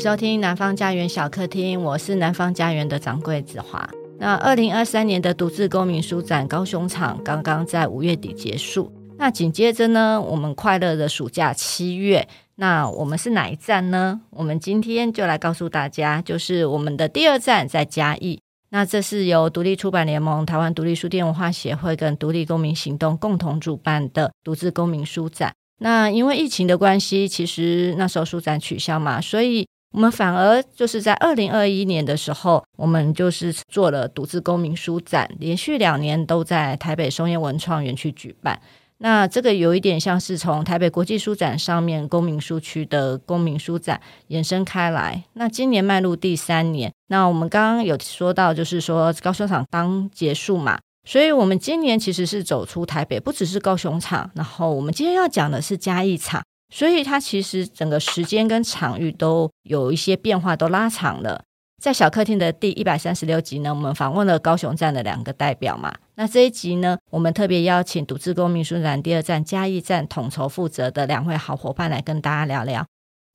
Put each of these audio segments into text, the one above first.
收聽南方家園小客廳，我是南方家園的掌櫃子華。那二零二三年的讀字公民書展高雄場剛剛在五月底結束。那緊接着呢，我們快樂的暑假七月，那我們是哪一站呢？我們今天就來告訴大家，就是我們的第二站在嘉義。那這是由獨立出版聯盟、台灣獨立書店文化協會跟獨立公民行動共同主辦的讀字公民書展。那因為疫情的關係，其實那時候書展取消嘛，所以。我們反而就是在二零二一年的時候，我們就是做了讀字公民書展，連續兩年都在台北松菸文創園區舉辦。那這個有一點像是從台北國際書展上面公民書區的公民書展延伸開來。那今年邁入第三年，那我們剛剛有說到，就是說高雄場剛結束嘛，所以我們今年其實是走出台北，不只是高雄場。然後我們今天要講的是嘉義場。所以它其實整個時間跟場域都有一些變化，都拉長了。在小客廳的第一百三十六集呢，我們訪問了高雄站的兩個代表嘛。那這一集呢，我們特別邀請讀字公民書展第二站嘉義站統籌負責的兩位好夥伴來跟大家聊聊。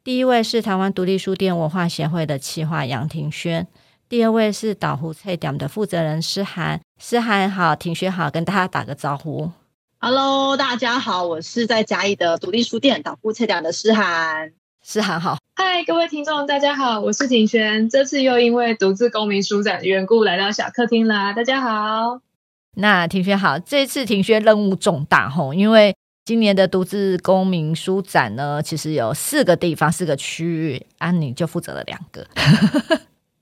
第一位是台灣獨立書店文化協會的企劃楊庭瑄，第二位是島呼冊店的負責人詩涵。詩涵好，庭瑄好，跟大家打個招呼。Hello，大家好，我是在嘉義的獨立書店島呼冊店的詩涵。詩涵好，嗨，各位聽眾，大家好，我是庭瑄。這次又因為讀字公民書展的緣故，來到小客廳啦。大家好，那庭瑄好，這次庭瑄任務重大哦，因為今年的讀字公民書展呢，其實有四個地方，四個區域，啊，你就負責了兩個。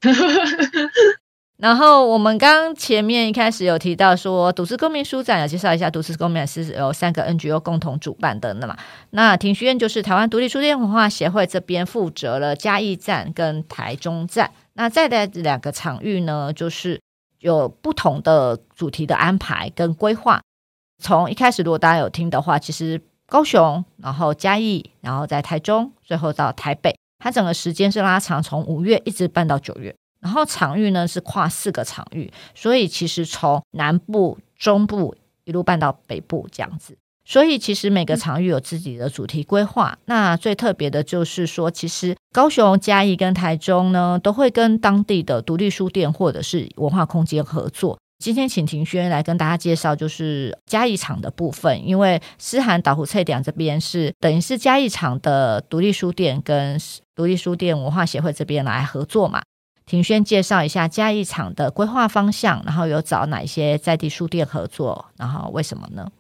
然後我們剛前面一開始有提到說，讀字公民書展有介紹一下，讀字公民是由三個 NGO 共同主辦的麼，那庭學院就是台灣獨立書店文化協會這邊負責了嘉義站跟台中站，那再的兩個場域呢，就是有不同的主題的安排跟規劃。從一開始，如果大家有聽的話，其實高雄，然後嘉義，然後在台中，最後到台北，它整個時間是拉長，從五月一直辦到九月。然後場域呢，是跨四個場域，所以其實從南部、中部一路辦到北部這樣子。所以其實每個場域有自己的主題規劃。嗯、那最特別的就是說，其實高雄、嘉義跟台中呢，都會跟當地的獨立書店或者是文化空間合作。今天請庭瑄來跟大家介紹，就是嘉義場的部分，因為詩涵島呼冊店這邊是等於是嘉義場的獨立書店跟獨立書店文化協會這邊來合作嘛。庭瑄介紹一下嘉義場的規劃方向，然後有找哪一些在地書店合作，然後為什麼呢？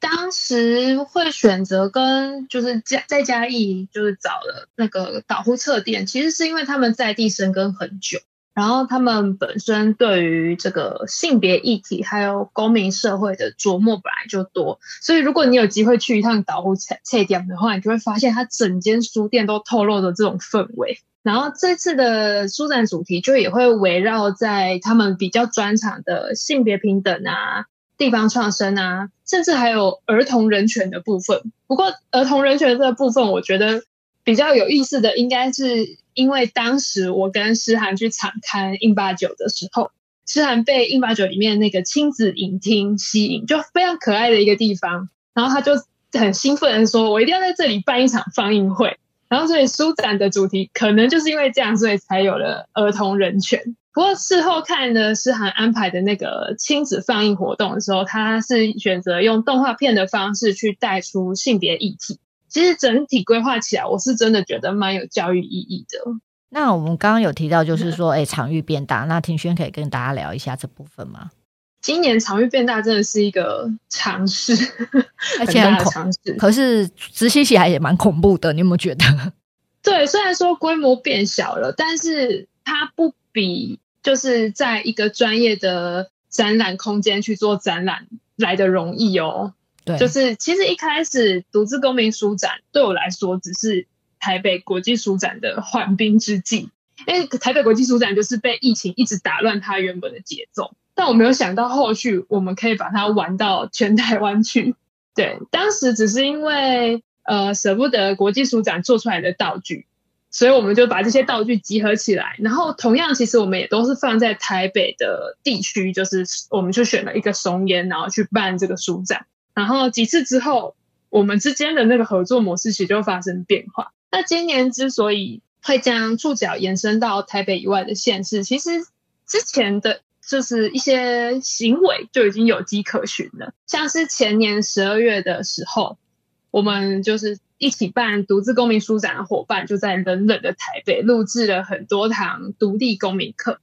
當時會選擇跟就是嘉在嘉義，就是找了那個島呼冊店，其實是因為他們在地生根很久，然後他們本身對於這個性別議題還有公民社會的琢磨本來就多，所以如果你有機會去一趟島呼冊店的話，你就會發現他整間書店都透露着這種氛圍。然後這次的書展主題就也會圍繞在他們比較專長的性別平等啊、地方創生啊，甚至還有兒童人權的部分。不過兒童人權這個部分，我覺得比較有意思的，應該是因為當時我跟詩涵去場勘 in 89的時候，詩涵被 in 89裡面那個親子影廳吸引，就非常可愛的一個地方。然後他就很興奮的說：“我一定要在這裡辦一場放映會。”然後，所以書展的主題可能就是因為這樣，所以才有了兒童人權。不過事後看呢，詩涵安排的那個親子放映活動的時候，他是選擇用動畫片的方式去帶出性別議題。其實整體規劃起來，我是真的覺得蠻有教育意義的。那我們剛剛有提到，就是說，哎、嗯，場域變大，那庭瑄可以跟大家聊一下這部分嗎？今年場域變大真的是一個嘗試，而且很嘗試可是直吸起來也蠻恐怖的，你有有沒覺得？對，雖然說規模變小了，但是它不比就是在一個專業的展覽空間去做展覽來得容易哦。對，就是其實一開始讀字公民書展對我來說只是台北國際書展的緩兵之計，因為台北國際書展就是被疫情一直打亂它原本的節奏。但我沒有想到後續我們可以把它玩到全台灣去。對，當時只是因為呃捨不得國際書展做出來的道具，所以我們就把這些道具集合起來。然後同樣，其實我們也都是放在台北的地區，就是我們就選了一個松菸，然後去辦這個書展。然後幾次之後，我們之間的那個合作模式其實就發生變化。那今年之所以會將觸角延伸到台北以外的縣市，其實之前的。就是一些行為就已經有跡可循了，像是前年十二月的時候，我們就是一起辦讀字公民書展的夥伴，就在冷冷的台北錄制了很多堂獨立公民課。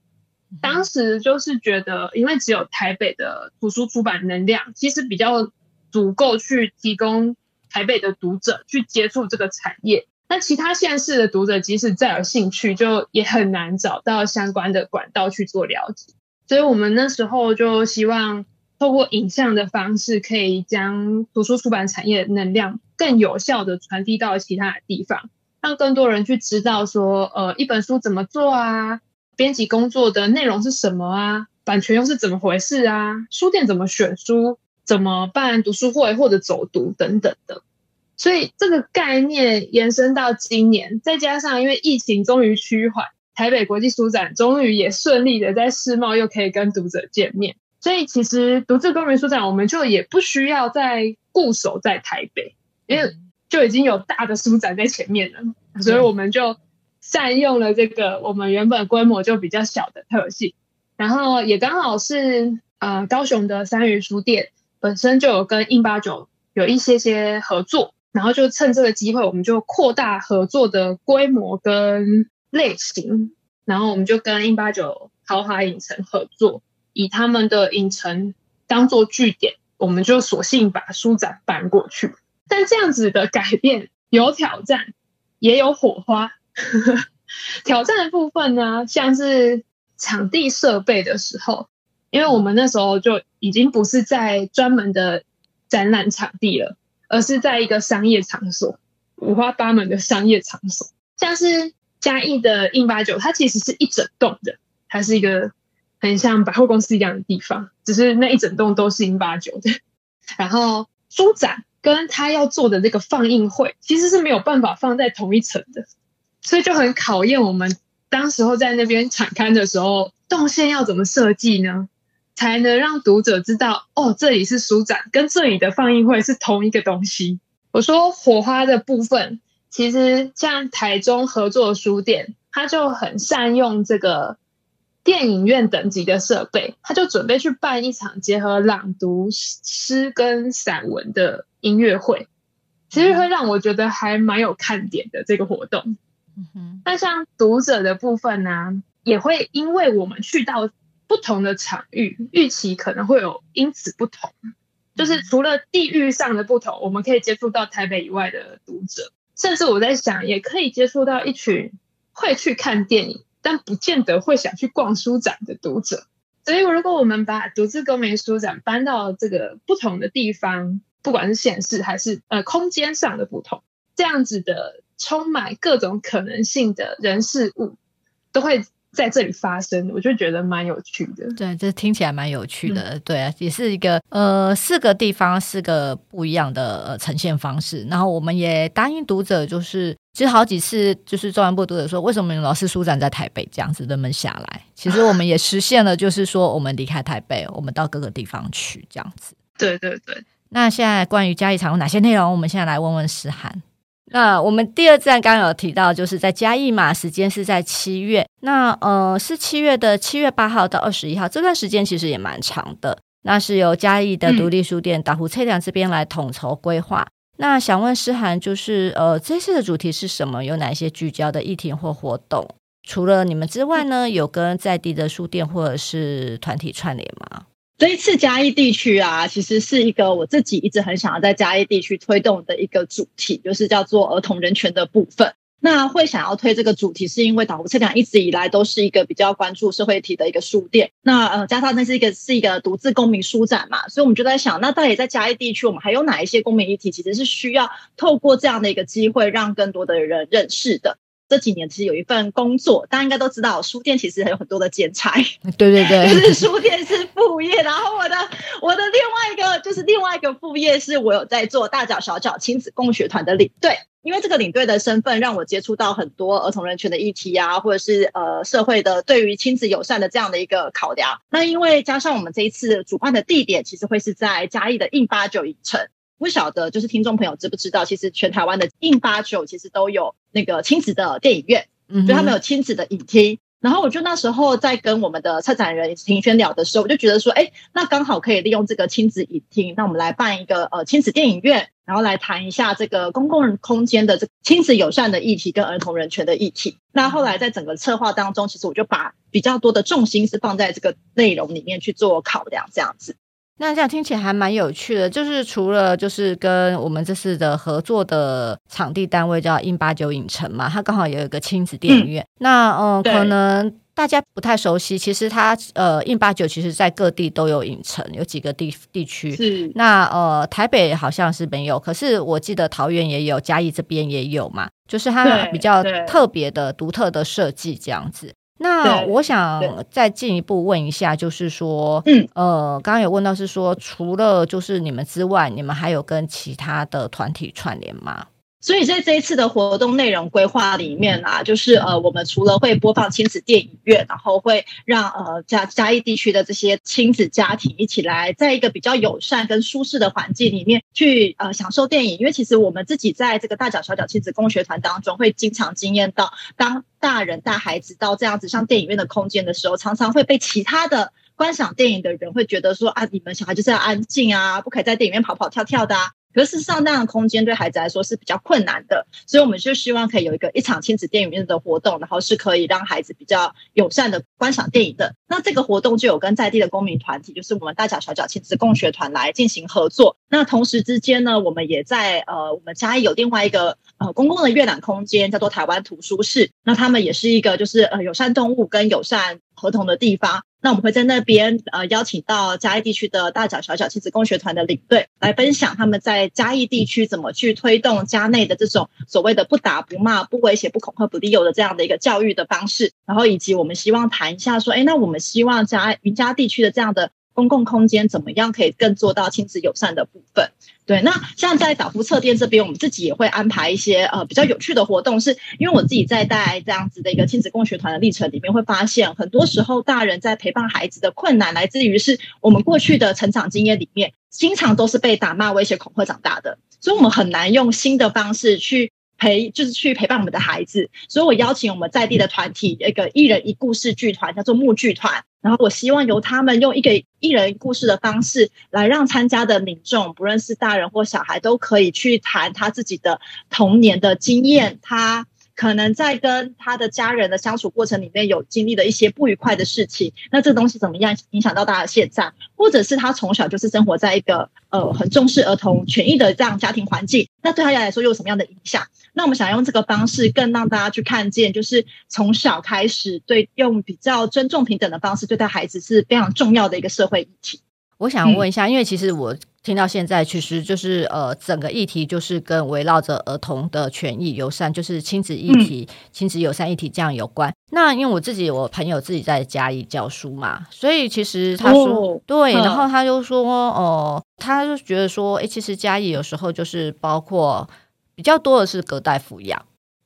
當時就是覺得，因為只有台北的圖書出版能量其實比較足夠去提供台北的讀者去接觸這個產業，那其他縣市的讀者即使再有興趣，就也很難找到相關的管道去做了解。所以，我們那時候就希望透過影像的方式，可以將圖書出，出版產業的能量更有效的傳遞到其他的地方，讓更多人去知道說，呃，一本書怎麼做啊，編輯工作的內容是什麼啊，版權又是怎麼回事啊，書店怎麼選書，怎麼辦讀書會或者走讀等等的。所以，這個概念延伸到今年，再加上因為疫情終於趨緩。台北國際書展終於也順利的在世貿又可以跟讀者見面，所以其實讀字公民書展我們就也不需要再固守在台北，因為就已經有大的書展在前面了，所以我們就善用了這個我們原本規模就比較小的特性，然後也剛好是呃高雄的三餘書店本身就有跟 in 89有一些些合作，然後就趁這個機會我們就擴大合作的規模跟。類型，然後我們就跟 in 89豪華影城合作，以他們的影城當做據點，我們就索性把書展搬過去。但這樣子的改變有挑戰，也有火花。 挑戰的部分呢，像是場地設備的時候，因為我們那時候就已經不是在專門的展覽場地了，而是在一個商業場所，五花八門的商業場所，像是。嘉義的 in 89，它其實是一整棟的，它是一個很像百貨公司一樣的地方，只是那一整棟都是 in 89的。然後書展跟他要做的這個放映會，其實是沒有辦法放在同一層的，所以就很考驗我們當時候在那邊產刊的時候，動線要怎麼設計呢？才能讓讀者知道哦，這裡是書展，跟這裡的放映會是同一個東西。我說火花的部分。其實像台中合作書店，他就很善用這個電影院等級的設備，他就準備去辦一場結合朗讀詩跟散文的音樂會，其實會讓我覺得還蠻有看點的這個活動。那像讀者的部分呢啊，也會因為我們去到不同的場域，預期可能會有因此不同，就是除了地域上的不同，我們可以接觸到台北以外的讀者。甚至我在想，也可以接觸到一群會去看電影，但不見得會想去逛書展的讀者。所以，如果我們把讀字公民書展搬到這個不同的地方，不管是縣市還是呃空間上的不同，這樣子的充滿各種可能性的人事物，都會在這裡發生，我就覺得蠻有趣的。對，這聽起來蠻有趣的。嗯、對啊，也是一個呃，四個地方，四個不一樣的、呃、呈現方式。然後我們也答應讀者，就是其實好幾次，就是中南部讀者說，為什麼老是書展在台北這樣子，能不能下來？其實我們也實現了，就是說我們離開台北， 我們到各個地方去這樣子。對對對。那現在關於嘉義場有哪些內容？我們現在來問問詩涵。那我們第二站剛剛有提到，就是在嘉義嘛，時間是在七月。那呃，是七月的七月八號到二十一號，這段時間其實也蠻長的。那是由嘉義的獨立書店島呼冊店這邊來統籌規劃。那想問詩涵，就是呃，這次的主題是什麼？有哪些聚焦的議題或活動？除了你們之外呢，有跟在地的書店或者是團體串聯嗎？這一次嘉義地區啊，其實是一個我自己一直很想要在嘉義地區推動的一個主題，就是叫做兒童人權的部分。那會想要推這個主題，是因為島呼冊店一直以來都是一個比較關注社會議題的一個書店。那呃，加上那是一個是一個讀字公民書展嘛，所以我們就在想，那到底在嘉義地區，我們還有哪一些公民議題其實是需要透過這樣的一個機會，讓更多的人認識的。這幾年其實有一份工作，大家應該都知道，書店其實還有很多的兼差。對對對，就是書店是副業。然後我的我的另外一個就是另外一個副業，是我有在做大腳小腳親子共學團的領隊。因為這個領隊的身份，讓我接觸到很多兒童人權的議題啊，或者是呃社會的對於親子友善的這樣的一個考量。那因為加上我們這一次主辦的地點，其實會是在嘉義的 in 89影城。不曉得，就是聽眾朋友知不知道，其實全台灣的 in89 其實都有那個親子的電影院，嗯，就他們有親子的影廳。然後我就那時候在跟我們的策展人庭瑄聊的時候，我就覺得說，哎，那剛好可以利用這個親子影廳，那我們來辦一個呃親子電影院，然後來談一下這個公共空間的這個親子友善的議題跟兒童人權的議題。那後來在整個策劃當中，其實我就把比較多的重心是放在這個內容裡面去做考量，這樣子。那這樣聽起來還蠻有趣的，就是除了就是跟我們這次的合作的場地單位叫 in 89影城嘛，它剛好也有一個親子電影院。嗯那嗯、呃，可能大家不太熟悉，其實它呃，in 89其實在各地都有影城，有幾個地地區。是那呃，台北好像是沒有，可是我記得桃園也有，嘉義這邊也有嘛，就是它比較特別的、獨特的設計這樣子。那我想再進一步問一下，就是說，呃，剛剛有問到是說，除了就是你們之外，你們還有跟其他的團體串聯嗎？所以在這一次的活動內容規劃裡面啊，就是呃，我們除了會播放親子電影院，然後會讓呃嘉嘉義地區的這些親子家庭一起來，在一個比較友善跟舒適的環境裡面去呃享受電影。因為其實我們自己在這個大腳小腳親子共學團當中，會經常經驗到，當大人帶孩子到這樣子像電影院的空間的時候，常常會被其他的觀賞電影的人會覺得說啊，你們小孩就是要安靜啊，不可以在電影院跑跑跳跳的啊。可是上那樣的空間對孩子來說是比較困難的，所以我們就希望可以有一個一場親子電影院的活動，然後是可以讓孩子比較友善的觀賞電影的。那這個活動就有跟在地的公民團體，就是我們大腳小腳親子共學團來進行合作。那同時之間呢，我們也在呃，我們嘉義有另外一個呃公共的閱覽空間，叫做台灣圖書室。那他們也是一個就是呃友善動物跟友善兒童的地方。那我們會在那邊，呃，邀請到嘉義地區的大腳小腳親子共學團的領隊來分享他們在嘉義地區怎麼去推動家內的這種所謂的不打不罵、不威脅、不恐嚇、不利誘的這樣的一個教育的方式，然後以及我們希望談一下說，哎，那我們希望嘉雲嘉地區的這樣的。公共空間怎麼樣可以更做到親子友善的部分？對，那像在島呼冊店這邊，我們自己也會安排一些呃比較有趣的活動是，是因為我自己在帶這樣子的一個親子共學團的歷程裡面，會發現很多時候大人在陪伴孩子的困難，來自於是我們過去的成長經驗裡面，經常都是被打罵、威脅、恐嚇長大的，所以我們很難用新的方式去。陪就是去陪伴我們的孩子，所以我邀請我們在地的團體一個一人一故事劇團，叫做木劇團。然後我希望由他們用一個一人一故事的方式來讓參加的民眾，不論是大人或小孩，都可以去談他自己的童年的經驗。他。可能在跟他的家人的相處過程裡面，有經歷了一些不愉快的事情，那這東西怎麼樣影響到大家現在？或者是他從小就是生活在一個呃很重視兒童權益的這樣家庭環境，那對他來，來說又有什麼樣的影響？那我們想用這個方式更讓大家去看見，就是從小開始對用比較尊重平等的方式對待孩子是非常重要的一個社會議題。我想問一下，嗯，因為其實我。聽到現在，其實就是呃，整個議題就是跟圍繞着兒童的權益友善，就是親子議題、親、嗯、子友善議題這樣有關。那因為我自己我朋友自己在嘉義教書嘛，所以其實他說、哦、對，然後他就說、呃、哦，他就覺得說，哎、欸，其實嘉義有時候就是包括比較多的是隔代撫養，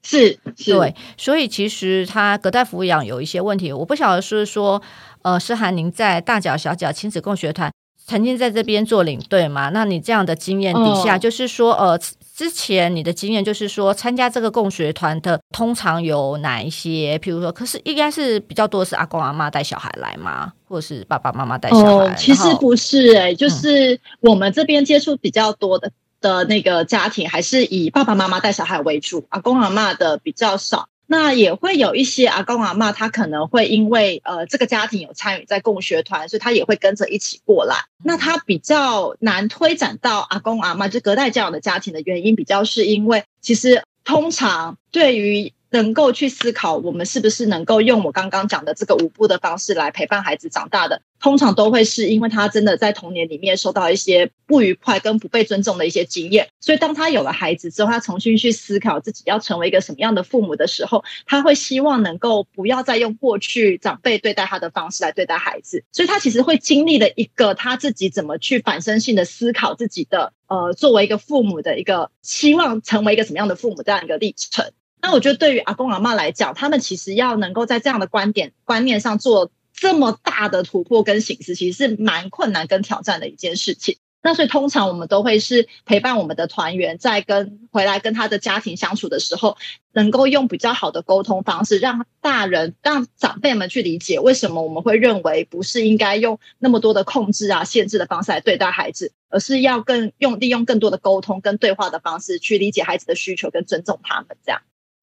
是是，對，所以其實他隔代撫養有一些問題，我不曉得是說呃，詩涵您在大腳小腳親子共學團。曾經在這邊做領隊嘛，那你這樣的經驗底下、哦，就是說，呃，之前你的經驗就是說，參加這個共學團的通常有哪一些？譬如說，可是應該是比較多是阿公阿媽帶小孩來嘛，或者是爸爸媽媽帶小孩。哦、其實不是、欸、就是我們這邊接觸比較多的、嗯、的那個家庭，還是以爸爸媽媽帶小孩為主，阿公阿媽的比較少。那也會有一些阿公阿嬤，他可能會因為呃，這個家庭有參與在共學團，所以他也會跟着一起過來。那他比較難推展到阿公阿嬤，就隔代教養的家庭的原因，比較是因為其實通常對於，能夠去思考我們是不是能夠用我剛剛講的這個五不的方式來陪伴孩子長大的，通常都會是因為他真的在童年裡面受到一些不愉快跟不被尊重的一些經驗，所以當他有了孩子之後，他重新去思考自己要成為一個什麼樣的父母的時候，他會希望能夠不要再用過去長輩對待他的方式來對待孩子，所以他其實會經歷了一個他自己怎麼去反身性的思考自己的，呃，作為一個父母的一個希望成為一個什麼樣的父母這樣一個歷程。那我覺得，對於阿公阿媽來講，他們其實要能夠在這樣的觀點觀念上做這麼大的突破跟省思，其實是蠻困難跟挑戰的一件事情。那所以，通常我們都會是陪伴我們的團員，在跟回來跟他的家庭相處的時候，能夠用比較好的溝通方式，讓大人讓長輩們去理解，為什麼我們會認為不是應該用那麼多的控制啊、限制的方式來對待孩子，而是要更用利用更多的溝通跟對話的方式，去理解孩子的需求跟尊重他們這樣。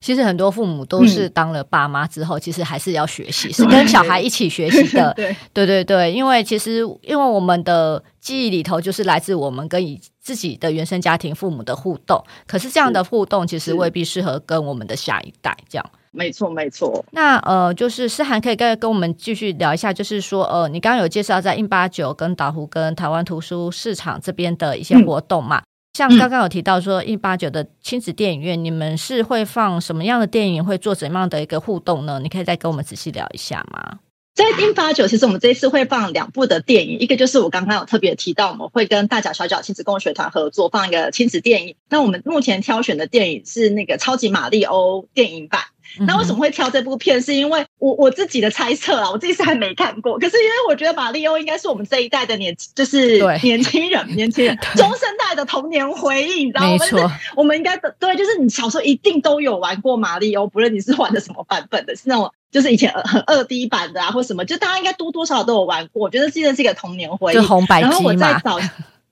其實很多父母都是當了爸媽之後、嗯，其實還是要學習，是跟小孩一起學習的對。對對對，因為其實因為我們的記憶裡頭，就是來自我們跟以自己的原生家庭父母的互動。可是這樣的互動，其實未必適合跟我們的下一代這樣。沒錯，沒錯。那呃，就是詩涵可以跟跟我們繼續聊一下，就是說呃，你剛剛有介紹在 in 89跟島呼跟台灣圖書室這邊的一些活動嘛？嗯像剛剛有提到說一八九的親子電影院、嗯，你們是會放什麼樣的電影，會做怎樣的一個互動呢？你可以再跟我們仔細聊一下嗎？在一八九，其實我們這一次會放兩部的電影，一個就是我剛剛有特別提到，我們會跟大腳小腳親子共學團合作放一個親子電影。那我們目前挑選的電影是那個《超級瑪麗歐》電影版。那為什麼會挑這部片，嗯？是因為我我自己的猜測啊，我自己是還沒看過。可是因為我覺得瑪利歐應該是我們這一代的年，就是年輕人，年輕人中生代的童年回憶，對你知道嗎？沒錯，我們，是我們應該的對，就是你小時候一定都有玩過瑪利歐，不論你是玩的什麼版本的，是那種就是以前很二 D 版的啊，或什麼，就大家應該多多少都有玩過。我覺得這真的是一個童年回憶，就紅白機嘛。然後我在找，對，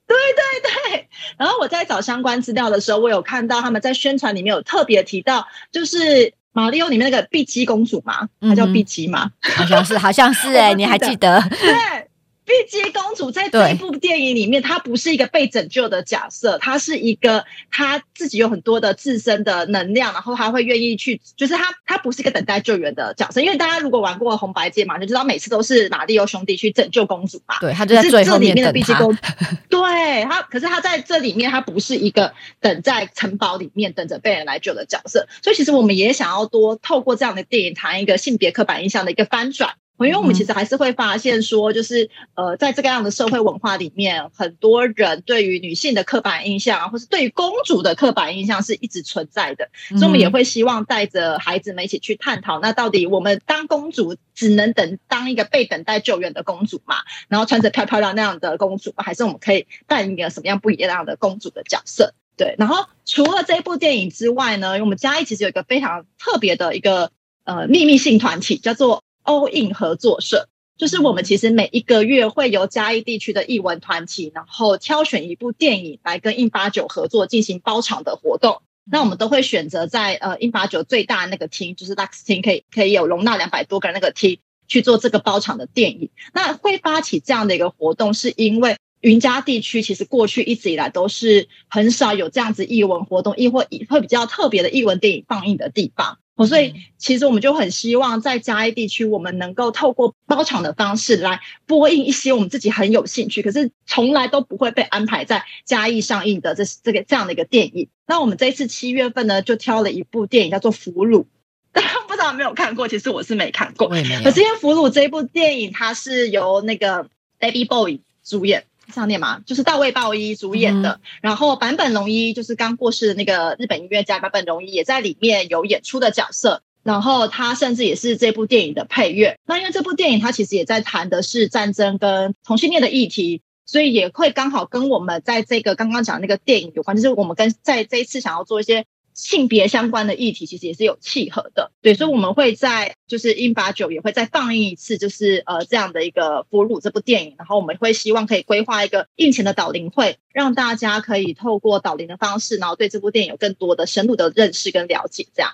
對對對，然後我在找相關資料的時候，我有看到他們在宣傳裡面有特別提到，就是。瑪利歐裡面那個碧姬公主嘛、嗯，她叫碧姬嘛，好像是，好像是哎、欸， 你還記得？ 碧姬公主在這一部電影裡面，她不是一個被拯救的角色，她是一個她自己有很多的自身的能量，然後她會願意去，就是她她不是一個等待救援的角色。因為大家如果玩過紅白機嘛，就知道每次都是瑪利歐兄弟去拯救公主嘛。對，他就在他是這裡面的碧姬公主。 對，他可是他在這裡面，他不是一個等在城堡裡面等着被人來救的角色。所以其實我們也想要多透過這樣的電影談一個性別刻板印象的一個翻轉。因為我們其實還是會發現說，就是呃，在這個樣的社會文化裡面，很多人對於女性的刻板印象，或是對於公主的刻板印象是一直存在的。所以，我們也會希望帶着孩子們一起去探討，那到底我們當公主，只能等當一個被等待救援的公主嘛？然後穿着漂漂亮亮的公主，還是我們可以扮演一個什麼樣不一樣的公主的角色？對。然後除了這部電影之外呢，因為我們家其實有一個非常特別的一個呃秘密性團體，叫做。All in 合作社，就是我們其實每一個月會由嘉義地區的藝文團體，然後挑選一部電影來跟 in 89合作進行包場的活動。那我們都會選擇在呃 in 89最大的那個廳，就是 Lux 廳，可以可以有容納兩百多個人那個廳去做這個包場的電影。那會發起這樣的一個活動，是因為雲嘉地區其實過去一直以來都是很少有這樣子藝文活動，亦或以會比較特別的藝文電影放映的地方。哦，所以，其實我們就很希望在嘉義地區，我們能夠透過包場的方式來播映一些我們自己很有興趣，可是從來都不會被安排在嘉義上映的這這個這樣的一個電影。那我們這一次七月份呢，就挑了一部電影叫做《俘虜》。當然不知道有沒有看過，其實我是沒看過。可是因為《俘虜》這部電影，它是由那個 David Bowie 主演。想念嘛，就是大衛鮑伊主演的，嗯、然後坂本龍一就是剛過世的那個日本音樂家，坂本龍一也在裡面有演出的角色，然後他甚至也是這部電影的配樂。那因為這部電影他其實也在談的是戰爭跟同性戀的議題，所以也會剛好跟我們在這個剛剛講那個電影有關，就是我們跟在這一次想要做一些。性別相關的議題其實也是有契合的，對，所以我們會在就是 in 89也會再放映一次，就是呃這樣的一個俘虜這部電影，然後我們會希望可以規劃一個映前的導聆會，讓大家可以透過導聆的方式，然後對這部電影有更多的深入的認識跟了解。這樣，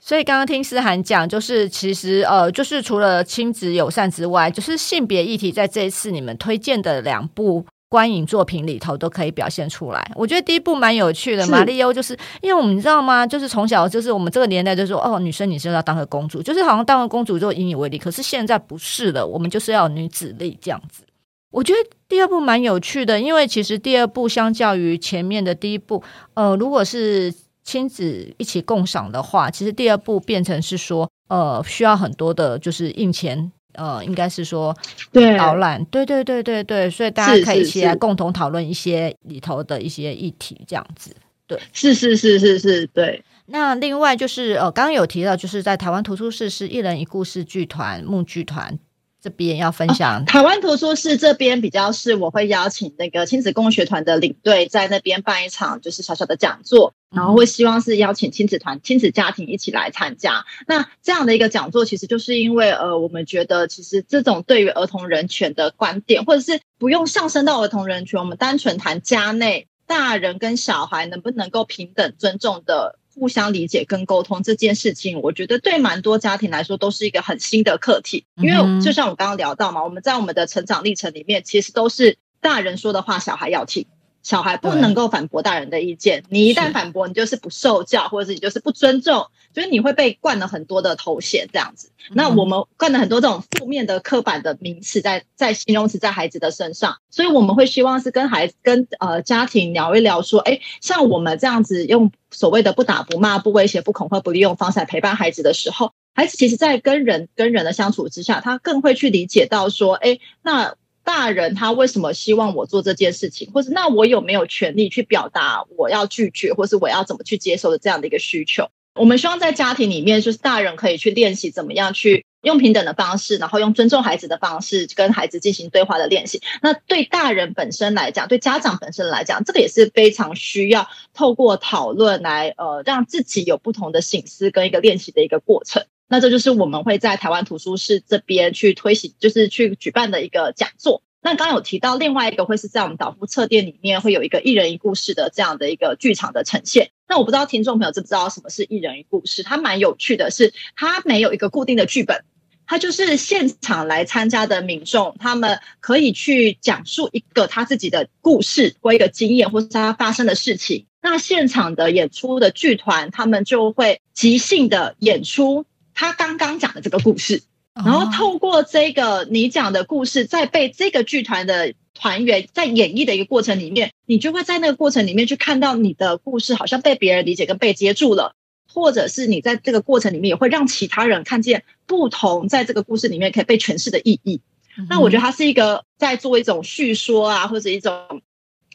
所以剛剛聽詩涵講，就是其實呃就是除了親子友善之外，就是性別議題在這一次你們推薦的兩部。觀影作品裡頭都可以表現出來。我覺得第一部蠻有趣的，瑪利歐，就是因為我們知道嗎？就是從小就是我們這個年代就說哦，女生女生要當個公主，就是好像當個公主就引以為例。可是現在不是了，我們就是要女子力這樣子。我覺得第二部蠻有趣的，因為其實第二部相較於前面的第一部，呃，如果是親子一起共賞的話，其實第二部變成是說呃，需要很多的就是印錢。呃，應該是說對，導覽，對對對對對，所以大家可以一起來共同討論一些裡頭的一些議題，這樣子，對，是,是是是是是，對。那另外就是呃，剛剛有提到，就是在台灣圖書室是一人一故事劇團、木劇團。這邊要分享，哦，台灣圖書室這邊比較是，我會邀請那個親子共學團的領隊在那邊辦一場就是小小的講座，然後會希望是邀請親子團、親子家庭一起來參加。那這樣的一個講座，其實就是因為呃，我們覺得其實這種對於兒童人權的觀點，或者是不用上升到兒童人權，我們單純談家內大人跟小孩能不能夠平等尊重的，互相理解跟溝通這件事情，我覺得對蠻多家庭來說都是一個很新的課題。因為就像我剛剛聊到嘛，我們在我們的成長歷程裡面，其實都是大人說的話，小孩要聽，小孩不能夠反駁大人的意見。你一旦反駁，你就是不受教，或者是你就是不尊重。所以你會被冠了很多的頭銜，這樣子，嗯。那我們冠了很多這種負面的、刻板的名詞在，在在形容詞在孩子的身上。所以我們會希望是跟孩子，跟呃家庭聊一聊，說：哎，像我們這樣子用所謂的不打、不罵、不威脅、不恐嚇、不利誘方式來陪伴孩子的時候，孩子其實在跟人跟人的相處之下，他更會去理解到說：哎，那大人他為什麼希望我做這件事情，或是那我有沒有權利去表達我要拒絕，或是我要怎麼去接受的這樣的一個需求？我們希望在家庭裡面，就是大人可以去練習怎麼樣去用平等的方式，然後用尊重孩子的方式跟孩子進行對話的練習。那對大人本身來講，對家長本身來講，這個也是非常需要透過討論來，呃，讓自己有不同的省思跟一個練習的一個過程。那這就是我們會在台灣圖書室這邊去推行，就是去舉辦的一個講座。那剛剛有提到另外一個會是在我們島呼冊店裡面會有一個一人一故事的這樣的一個劇場的呈現。那我不知道聽眾朋友知不知道什麼是“一人一故事”。它蠻有趣的是，是它沒有一個固定的劇本，它就是現場來參加的民眾，他們可以去講述一個他自己的故事或一個經驗，或是他發生的事情。那現場的演出的劇團，他們就會即興的演出他剛剛講的這個故事，然後透過這個你講的故事，再被這個劇團的。團員在演繹的一個過程裡面，你就會在那個過程裡面去看到你的故事好像被別人理解跟被接住了，或者是你在這個過程裡面也會讓其他人看見不同在這個故事裡面可以被詮釋的意義，嗯。那我覺得它是一個在做一種敘說啊，或者一種。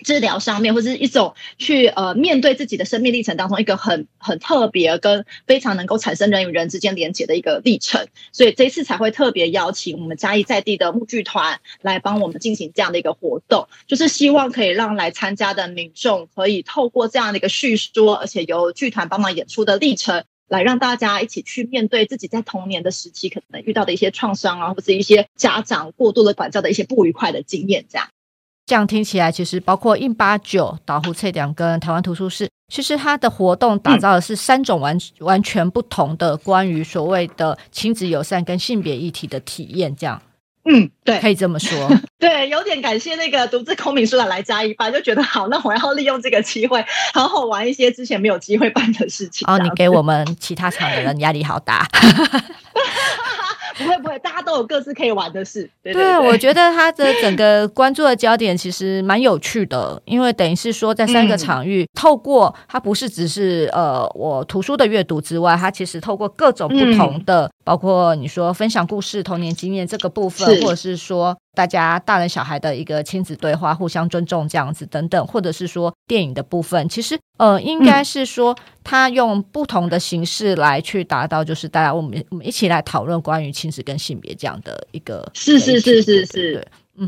治療上面，或者是一種去呃面對自己的生命歷程當中一個很很特別跟非常能夠產生人與人之間連接的一個歷程，所以這一次才會特別邀請我們嘉義在地的木劇團來幫我們進行這樣的一個活動，就是希望可以讓來參加的民眾可以透過這樣的一個敘說，而且由劇團幫忙演出的歷程，來讓大家一起去面對自己在童年的時期可能遇到的一些創傷啊，或者一些家長過度的管教的一些不愉快的經驗，這樣。這樣聽起來，其實包括 in 89、島呼冊店跟台灣圖書室，其實它的活動打造的是三種完、嗯、完全不同的關於所謂的親子友善跟性別議題的體驗。這樣，嗯，對，可以這麼說。 對，有點感謝那個讀字公民書展的來嘉義辦，就覺得好，那我要利用這個機會好好玩一些之前沒有機會辦的事情。哦，你給我們其他場的人 壓力好大。 不 會不會，大家都有各自可以玩的事。對，對， 對，我覺得他的整個關注的焦點其實蠻有趣的，因為等於是說在三個場域，嗯、透過他不是只是呃我圖書的閱讀之外，他其實透過各種不同的，嗯、包括你說分享故事、童年經驗這個部分，或者是說，大家大人小孩的一個親子對話，互相尊重這樣子等等，或者是說電影的部分，其實呃，應該是說他用不同的形式來去達到，就是大家我們我們一起來討論關於親子跟性別這樣的一個，是是是是是對對對。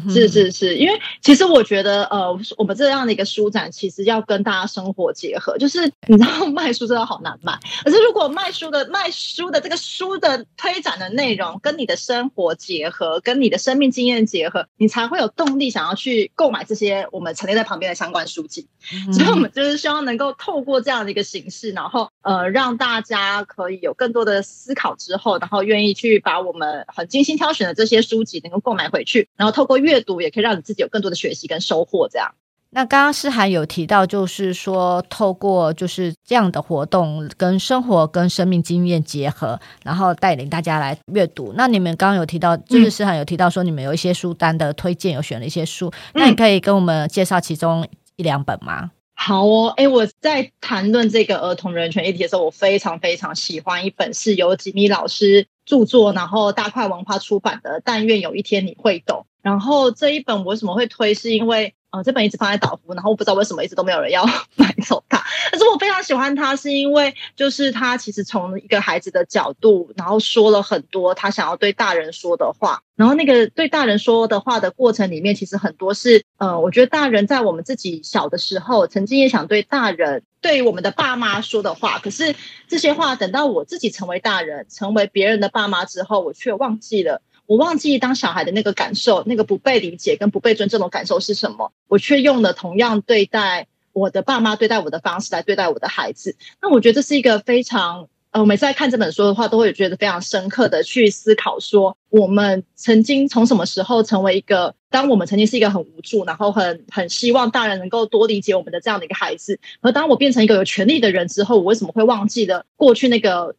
是是是，因為其實我覺得，呃，我們這樣的一個書展，其實要跟大家生活結合。就是你知道，賣書真的好難賣。可是如果賣書的賣書的這個書的推展的內容，跟你的生活結合，跟你的生命經驗結合，你才會有動力想要去購買這些我們陳列在旁邊的相關書籍。嗯，所以，我們就是希望能夠透過這樣的一個形式，然後呃，讓大家可以有更多的思考之後，然後願意去把我們很精心挑選的這些書籍能夠購買回去，然後透過。閱讀也可以讓你自己有更多的學習跟收穫，這樣。那剛剛詩涵有提到，就是說透過就是這樣的活動，跟生活跟生命經驗結合，然後帶領大家來閱讀。那你們剛剛有提到，就是詩涵有提到說你們有一些書單的推薦，有選了一些書。嗯。那你可以跟我們介紹其中一兩本嗎？好哦，哎、欸，我在談論這個兒童人權議題的時候，我非常非常喜歡一本，是由幾米老師。著作，然後大塊文化出版的《但願有一天你會懂》。然後這一本我為什麼會推，是因為。呃、嗯、這本一直放在島呼，然後我不知道為什麼一直都沒有人要買走它。可是我非常喜歡它，是因為就是他其實從一個孩子的角度，然後說了很多他想要對大人說的話。然後那個對大人說的話的過程裡面，其實很多是呃，我覺得大人在我們自己小的時候，曾經也想對大人，對我們的爸媽說的話。可是這些話等到我自己成為大人，成為別人的爸媽之後，我卻忘記了。我忘記當小孩的那個感受，那個不被理解跟不被尊重的感受是什麼。我卻用了同樣對待我的爸媽對待我的方式來對待我的孩子。那我覺得這是一個非常……呃，我每次在看這本書的話，都會覺得非常深刻的去思考，說我們曾經從什麼時候成為一個，當我們曾經是一個很無助，然後很很希望大人能夠多理解我們的這樣的一個孩子，而當我變成一個有權力的人之後，我為什麼會忘記了過去那個？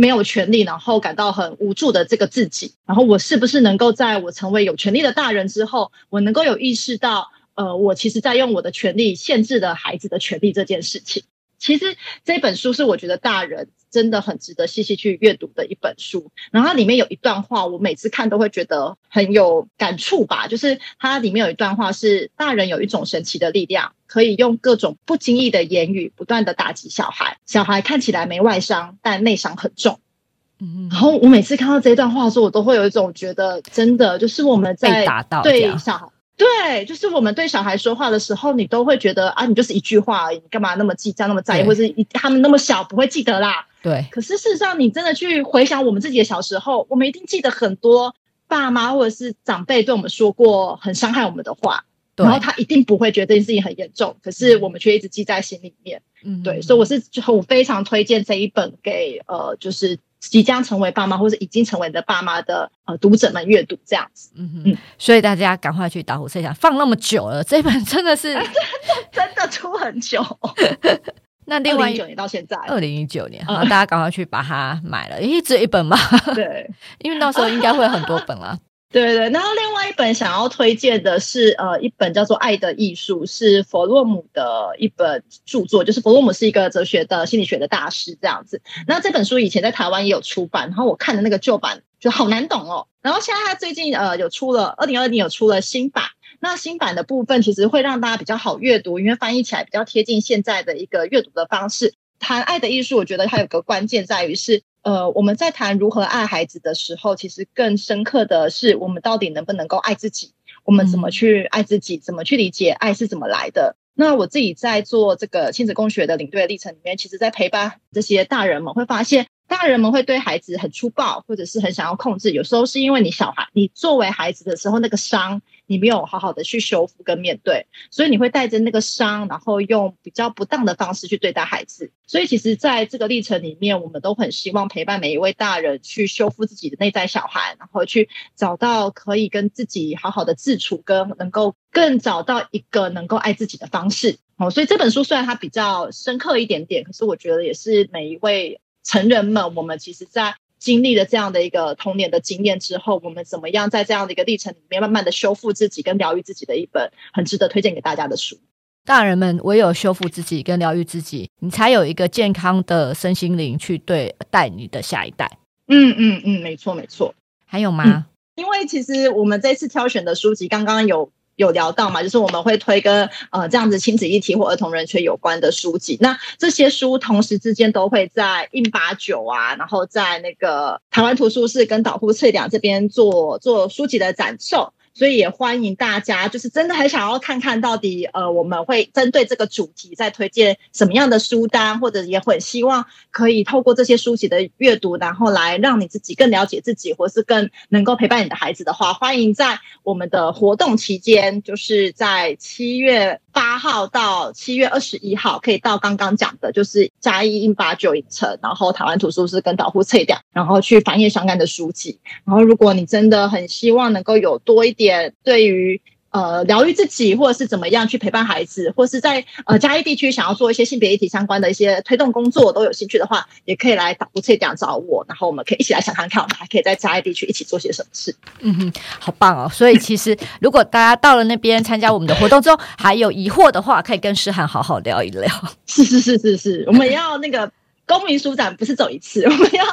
沒有權利，然後感到很無助的這個自己，然後我是不是能夠在我成為有權利的大人之後，我能夠有意識到，呃，我其實在用我的權利限制了孩子的權利這件事情？其實這本書是我覺得大人。真的很值得細細去閱讀的一本書。然後它裡面有一段話，我每次看都會覺得很有感觸吧。就是它裡面有一段話是：大人有一種神奇的力量，可以用各種不經意的言語不斷的打擊小孩。小孩看起來沒外傷，但內傷很重。嗯，然後我每次看到這段話的時候，我都會有一種覺得，真的就是我們在對小孩打。對，就是我們對小孩說話的時候，你都會覺得啊，你就是一句話而已，你幹嘛那麼計較，那麼在意，或是他們那麼小不會記得啦。對，可是事實上，你真的去回想我們自己的小時候，我們一定記得很多爸媽或者是長輩對我們說過很傷害我們的話，然後他一定不會覺得這件事情很嚴重，可是我們卻一直記在心裡面。嗯，對，所以我是我非常推薦這一本給呃，就是即將成為爸媽或者已經成為你的爸媽的呃讀者們閱讀，這樣子。嗯哼嗯，所以大家趕快去島呼冊店一下，放那麼久了，這本真的是，啊、真的真的出很久。 那另外一九年到現在，二零一九年，嗯，然後大家趕快去把它買了， 只有一本嗎？ 對，因為到時候應該會有很多本了啊。 對，對對，然後另外一本想要推薦的是呃，一本叫做《愛的藝術》，是佛洛姆的一本著作，就是佛洛姆是一個哲學的心理學的大師這樣子。那這本書以前在台灣也有出版，然後我看的那個舊版就好難懂哦。然後現在他最近呃有出了二零二零有出了新版。那新版的部分其實會讓大家比較好閱讀，因為翻譯起來比較貼近現在的一個閱讀的方式。談愛的藝術，我覺得它有個關鍵在於是，呃，我們在談如何愛孩子的時候，其實更深刻的是，我們到底能不能夠愛自己？我們怎麼去愛自己？怎麼去理解愛是怎麼來的？嗯。那我自己在做這個親子共學的領隊歷程裡面，其實，在陪伴這些大人們，會發現大人們會對孩子很粗暴，或者是很想要控制。有時候是因為你小孩，你作為孩子的時候那個傷。你沒有好好的去修復跟面對，所以你會帶着那個傷，然後用比較不當的方式去對待孩子。所以其實在這個歷程裡面，我們都很希望陪伴每一位大人去修復自己的內在小孩，然後去找到可以跟自己好好的自處，跟能夠更找到一個能夠愛自己的方式。哦，所以這本書雖然它比較深刻一點點，可是我覺得也是每一位成人們，我們其實在。經歷了這樣的一個童年的經驗之後，我們怎麼樣在這樣的一個歷程裡面慢慢的修復自己跟療癒自己的一本很值得推薦給大家的書。大人們唯有修復自己跟療癒自己，你才有一個健康的身心靈去對待你的下一代。嗯嗯嗯，沒錯沒錯。還有嗎？嗯，因為其實我們這次挑選的書籍剛剛有。有聊到嘛，就是我們會推跟呃這樣子親子議題或兒童人權有關的書籍，那這些書同時之間都會在 in 89啊，然後在那個台灣圖書室跟島呼冊店這邊做做書籍的展售。所以也歡迎大家，就是真的很想要看看到底，呃，我們會針對這個主題在推薦什麼樣的書單，或者也很希望可以透過這些書籍的閱讀，然後來讓你自己更了解自己，或是更能夠陪伴你的孩子的話，歡迎在我們的活動期間，就是在七月八號到七月二十一號，可以到剛剛講的，就是嘉義 in 89影城，然後台灣圖書室跟島呼冊店，然後去翻閱相關的書籍。然後如果你真的很希望能夠有多一點，也對於呃療癒自己，或者是怎麼樣去陪伴孩子，或是在呃嘉義地區想要做一些性別議題相關的一些推動工作都有興趣的話，也可以來島呼冊店找我，然後我們可以一起來想想看看，我們還可以在嘉義地區一起做些什麼事。嗯哼，好棒哦！所以其實如果大家到了那邊參加我們的活動之後還有疑惑的話，可以跟詩涵好好聊一聊。是是是是是，我們要那個。公民書展不是走一次，我們要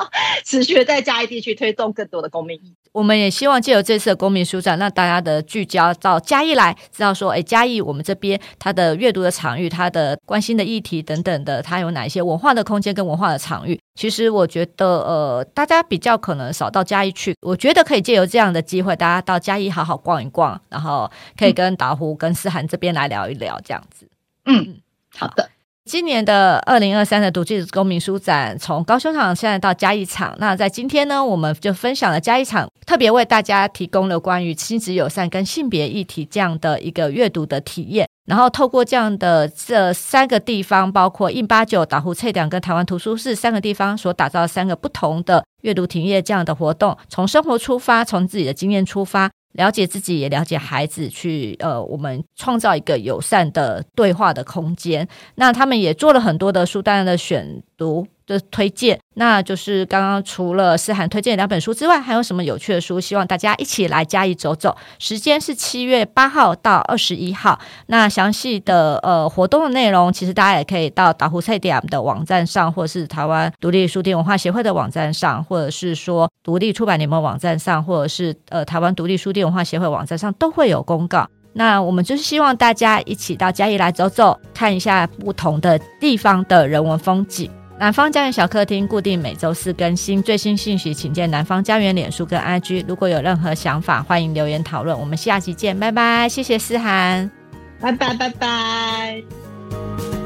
持續在嘉義地區推動更多的公民意義。我們也希望借由這次的公民書展，讓大家的聚焦到嘉義來，知道說，哎、欸，嘉義我們這邊它的閱讀的場域、它的關心的議題等等的，它有哪一些文化的空間跟文化的場域。其實我覺得，呃，大家比較可能少到嘉義去，我覺得可以借由這樣的機會，大家到嘉義好好逛一逛，然後可以跟島呼、嗯、跟詩涵這邊來聊一聊，這樣子。嗯，嗯好,好的。今年的二零二三的讀字公民書展，從高雄場現在到嘉義場，那在今天呢，我們就分享了，嘉義場特別為大家提供了關於親子友善跟性別議題這樣的一個閱讀的體驗，然後透過這樣的這三個地方，包括 in 89島呼冊店跟台灣圖書室三個地方所打造三個不同的閱讀體驗這樣的活動，從生活出發，從自己的經驗出發。了解自己，也了解孩子，去呃，我們創造一個友善的對話的空間。那他們也做了很多的書單的選讀。的推薦，那就是剛剛除了詩涵推薦的兩本書之外，還有什麼有趣的書？希望大家一起來嘉義走走。時間是七月八號到二十一號。那詳細的呃活動的內容，其實大家也可以到島呼冊店的網站上，或者是台灣獨立書店文化協會的網站上，或者是說獨立出版聯盟網站上，或者是呃台灣獨立書店文化協會網站上都會有公告。那我們就是希望大家一起到嘉義來走走，看一下不同的地方的人文風景。南方家園小客廳固定每週四更新最新信息，請見南方家園臉書跟 IG。如果有任何想法，歡迎留言討論。我們下集見，拜拜！謝謝詩涵，拜拜拜拜。